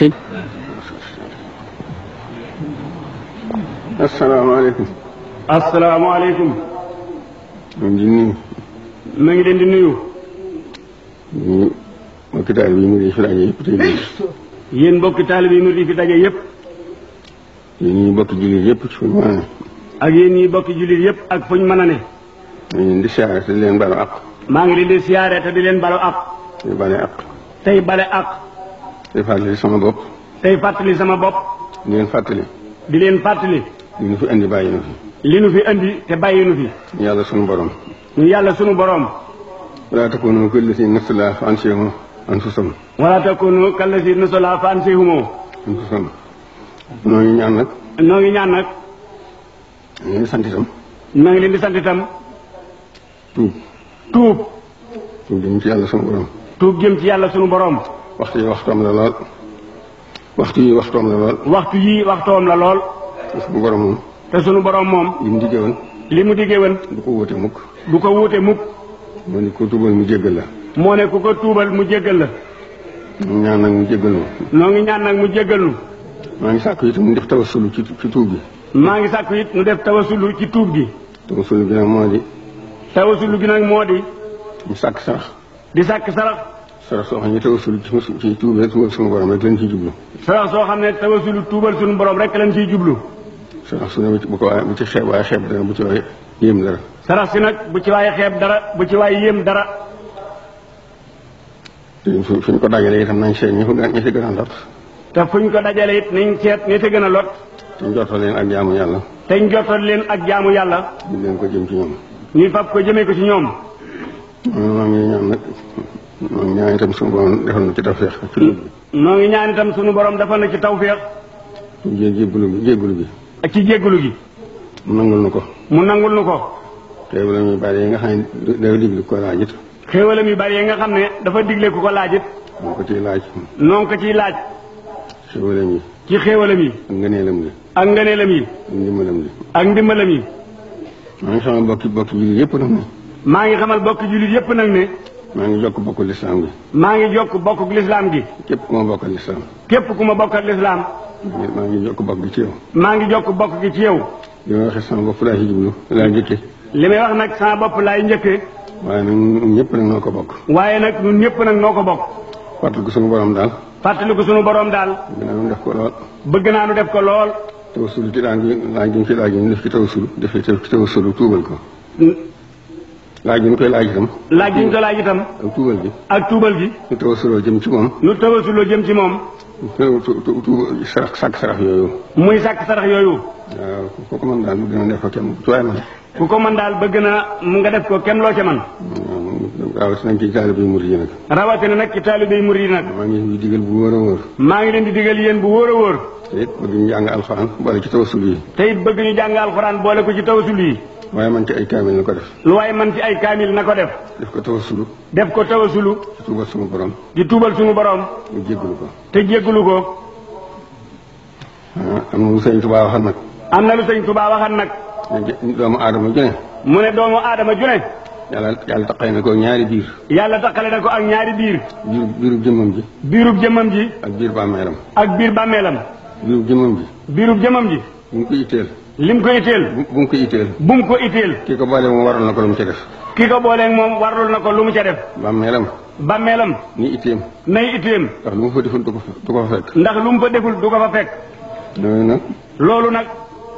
cëj asalaamaaleykum asalaamaaleykum ma ngi di nuyu ma ngi leen di nuyu ñu mbokki taalib yi murid yi fi daje yëpp tey yéen mbokki taalib yi murid yi fi daje yëpp yéen ñii bokki jullit yëpp ak yéen ñii bokki jullit yëpp ak fuñ mën a ma ngi di siyaare te di leen balu àq maa ngi leen di siyaare te di leen balu àq tey bale àq tey bale àq tey fàttali sama bopp. tey fàttali sama bopp. di leen fàttali. di leen fàttali. li nu fi indi bàyyi nu fi. li nu fi indi te bàyyi nu fi. ñu yàlla sunu borom. ñu yàlla sunu borom. wala takunu kallati nastala fa ansihum anfusahum. wala takunu kallati nastala fa ansihum anfusahum. noo ngi ñaan nag. noo ñaan nag. ñu ngi sant itam. maa ngi leen di sant itam. tuub. tuub. tuub jëm ci yàlla sunu borom. tuub jëm ci yàlla sunu borom. waxtu yi waxtoom la lool. waxtu yi waxtoom la lool. waxtu yi waxtoom la lool. te sunu borom moom. te sunu borom moom. li mu diggee woon. li mu diggee woon. du ko wuute mukk. du ko wuute mukk. moo ne ku ko tuubal mu jéggal la. moo ne ku ko tuubal mu jéggal la. ñaan nag mu jéggal nu. noo ngi ñaan nag mu jéggal nu. maa ngi sàkk itam mu def tawasulu ci ci tuub gi. maa ngi sàkk it nu def tawasulu ci tuub gi. tawasulu gi nag moo di. tawasulu gi nag moo di. mu sàkk sarax. di sàkk sarax. sarax soo xam ne tawasul ci tuubal suñu borom rek lañ ciy jublu. sarax soo xam ne tawasul tuubal suñu borom rek lañ ciy jublu. sarax su ne bu ko bu ci xeeb waaye xeeb dara bu ci waaye yéem dara. sarax si nag bu ci waaye xeeb dara bu ci waaye yéem dara. fu ñu ko dajalee itam nañ seet ñi ko ñi si gën a lot. te fu ko dajale it nañ seet ñi si gën a lot. te ñu jotal leen ak jaamu yàlla. te ñu leen ak jaamu yàlla. ñu leen ko jëm ci ñoom. ñu fab ko jëmee ko ci ñoom. ñoom ñoo ngi noo ngi ñaan itam suñu borom defal na ci tawféex. noo ngi ñaan itam suñu borom defal na ci tawféex. ci jéggulu gi jéggulu gi. ak ci jéggulu gi. mu nangul nu ko. mu nangul nu ko. xéewalam yu bari yi nga xam ne dafa digle ko laaj it. xéewalam yu bari yi nga xam ne dafa digle ku ko laaj it. ko ciy laaj. noo ko ciy laaj. xéewalam yi. ci xéewalam yi. ak ngëneelam yi. ak yi. ak ndimbalam yi. ak ndimbalam yi. maa ngi xamal bokki jullit yëpp nag ne. maa ngi xamal bokki jullit yëpp nag ne. maa ngi jokk bokk lislaam gi. maa ngi jokk bokk lislaam gi. képp ku ma bokkal lislaam. képp ku ma bokkal lislaam. maa ngi jokk bokk gi ci yow. maa ngi jokk bokk gi ci yow. li may waxee sama bopp laay jublu li may wax nag sama bopp laay njëkke waaye nag ñun ñëpp nag noo ko bokk. waaye nag ñun ñëpp nag noo ko bokk. fàttaliku sunu borom daal. fàttaliku sunu borom daal. bëgg naa nu def ko lool. bëgg naa nu def ko lool. tawasul ci daan gi laaj gi ñu ci laaj gi ñu def ci tawasul def ci tawasul tuubal ko. laaj bi ñu koy laaj itam. laaj bi ñu koy laaj itam. ak tuubal gi. ak tuubal gi. nu tawasuloo jëm ci moom. nu tawasuloo jëm ci moom. tu sarax sàkk sarax yooyu. muy yooyu. waaw ku ko mën daal bëgg na def ko kem ci waaye man. ku ko mën daal bëgg na nga def ko kem loo ca man. waaw rawatina nag ci taalibe murid yi nag. rawatina nag ci taalibe murid yi nag. maa ngi digal bu wóor a wóor. maa ngi leen di digal yéen bu wóor a wóor. te it bëgg ñu jàng alxuraan boole ci tawasul yi. te it bëgg ñu jàng alxuraan boole ko ci tawasul yi. lu waaye man ci ay kaamil na ko def. lu waaye man ci ay kamil na ko def. def ko tawasulu. def ko tawasulu. di tuubal suñu borom. di tuubal suñu borom. te jégalu ko. te jégalu ko. Ah, am na lu sëñ Tuubaa waxan nag. am na lu sëñ Tuubaa waxan nag. aadama ju mu ne doomu aadama ju ne. yàlla yàlla na ko ak ñaari biir. yàlla taqale ko ak ñaari biir. biir biirub jëmmam ji. biirub jëmmam ji. ak biir bàmmeelam. ak biir bameelam biirub jëmmam ji. biirub jëmmam ji. li ko lim ko itteel. bu mu ko itteel. bu mu ko itteel. ki ko boole moom warul na ko lu mu ca def. ki ko booleeg moom warul na ko lu mu ca def. bàmmeelam. bàmmeelam. ni itteem. nay itteem. ndax lu mu fa deful du ko fa fekk. ndax lu mu fa deful du ko fa fekk. loolu nag. loolu nag.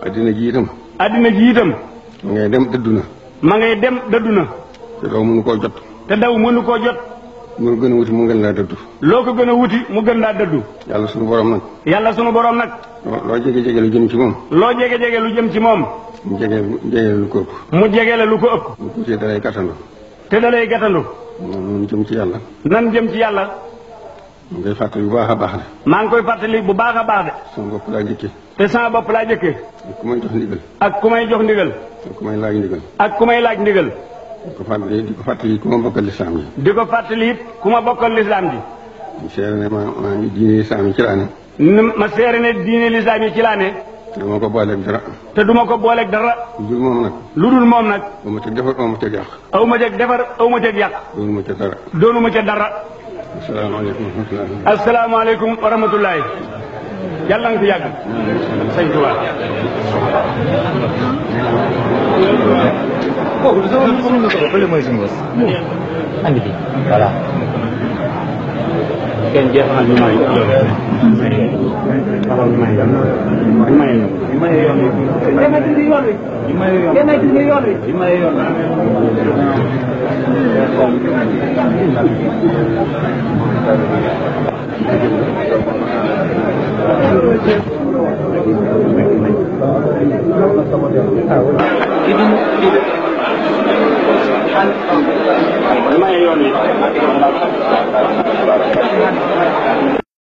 addina ji itam. àddina ji itam. ma ngay dem dëddu ma ngay dem dëddu na. te daw mënu koo jot. te daw mënu koo jot. mu gën a wuti mu gën laa dëddu. loo ko gën a wuti mu gën laa dëddu. yàlla sunu borom nag. yàlla sunu borom nag. loo jege jege lu jëm ci moom. loo jege jege lu jëm ci moom. mu jege jege lu ko ëpp. mu jege la lu ko ëpp. mu tuuti dalay gàttandu. te dalay gàttandu. nan jëm ci yàlla. nan jëm ci yàlla. mu ngi koy fàttali bu baax a baax de. maa ngi koy fàttali bu baax a baax de. sama bopp laa jëkkee. te sama bopp laa jëkkee. ak ku may jox ndigal. ak ku may jox ndigal. ak ku may laaj ndigal. ak ku may laaj ndigal. di ko fàttali di fàttali ku bokkal lislaam ji. di ko fàttali it ku ma bokkal lislaam ji. ma seere ne ma lislaam yi ci laa te du ko booleeg dara. te duma ko booleeg dara. lu dul moom nag. lu dul moom nag. aw ma ca defar aw ma ca yàq. aw ma ca defar aw ma ca yàq. doonu ma ca dara. doonu ma ca dara. asalaamaaleykum wa rahmatulah. yàlla nga fi bi voilà maye yoon yi